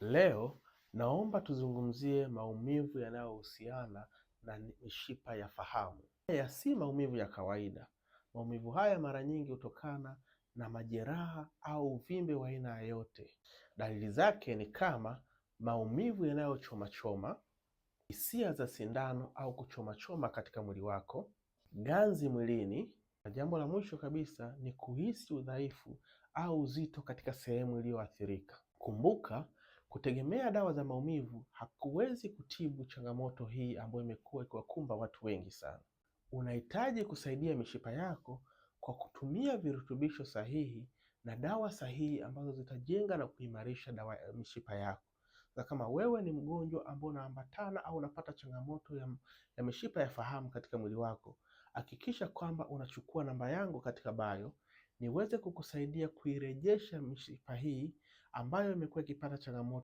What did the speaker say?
Leo naomba tuzungumzie maumivu yanayohusiana na mishipa ya fahamu. Haya si maumivu ya kawaida. Maumivu haya mara nyingi hutokana na majeraha au uvimbe wa aina yoyote. Dalili zake ni kama maumivu yanayochomachoma, hisia za sindano au kuchomachoma katika mwili wako, ganzi mwilini, na jambo la mwisho kabisa ni kuhisi udhaifu au uzito katika sehemu iliyoathirika. Kumbuka, Kutegemea dawa za maumivu hakuwezi kutibu changamoto hii ambayo imekuwa ikiwakumba watu wengi sana. Unahitaji kusaidia mishipa yako kwa kutumia virutubisho sahihi na dawa sahihi ambazo zitajenga na kuimarisha dawa ya mishipa yako. Na kama wewe ni mgonjwa ambao unaambatana au unapata changamoto ya, ya mishipa ya fahamu katika mwili wako, hakikisha kwamba unachukua namba yangu katika bio niweze kukusaidia kuirejesha mishipa hii ambayo imekuwa ikipata changamoto.